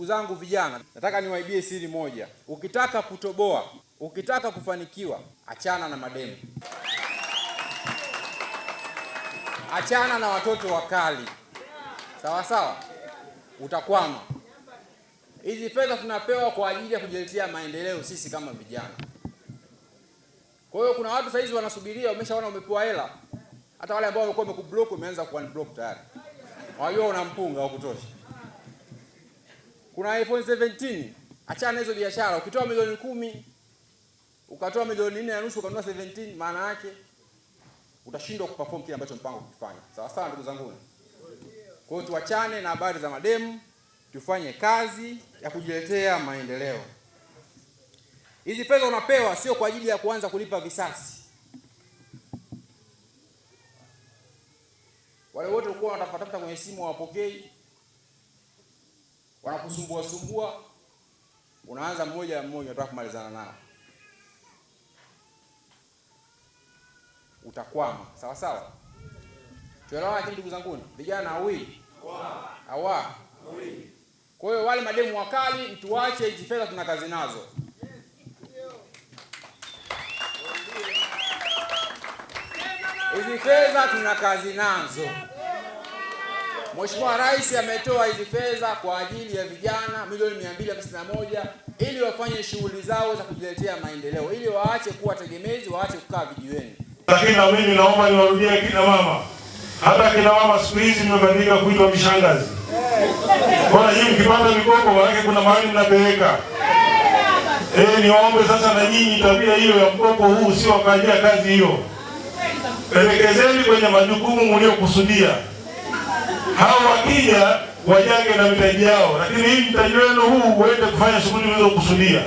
Ndugu zangu vijana, nataka niwaibie siri moja. Ukitaka kutoboa, ukitaka kufanikiwa, achana na mademu, achana na watoto wakali, sawa sawa, utakwama. Hizi fedha tunapewa kwa ajili ya kujiletea maendeleo sisi kama vijana. Kwa hiyo kuna watu saizi wanasubiria, umeshaona umepewa hela, hata wale ambao wamekuwa wamekublock wameanza kuunblock tayari, wajua una mpunga wa kutosha kuna iPhone 17. Achana hizo biashara, ukitoa milioni kumi ukatoa milioni nne na nusu ukanunua 17, maana yake utashindwa kuperform kile ambacho mpango kufanya. Sawa sawa, ndugu zangu. Kwa hiyo tuachane na habari za mademu, tufanye kazi ya kujiletea maendeleo. Hizi fedha unapewa sio kwa ajili ya kuanza kulipa visasi. Wale wote walikuwa wanatafuta kwenye simu hawapokei wanakusumbua sumbua, unaanza mmoja mmoja, unataka kumalizana nao, utakwama. Sawa sawa, tuelewana. Lakini ndugu zanguni, vijana awi awa, kwa hiyo wale mademu wakali mtuwache, hizi fedha tuna kazi nazo. Hizi fedha tuna kazi nazo. Mheshimiwa Rais ametoa hizi fedha kwa ajili ya vijana milioni moja ili wafanye shughuli zao za kujiletea maendeleo, ili waache kuwa tegemezi, waache kukaa vijiweni. Lakini na mimi naomba niwarudie kina mama, hata kina mama siku hizi mmebadilika kuitwa mishangazi. Bwana nyinyi mkipata mikopo, maanake kuna mahali mnapeleka. Eh, niwaombe sasa na nyinyi tabia hiyo ya mkopo huu sio wakajia kazi hiyo, Pelekezeni kwenye majukumu mliokusudia hao wakija wajange na mitaji yao, lakini hii mtaji wenu huu uende kufanya shughuli mlizokusudia.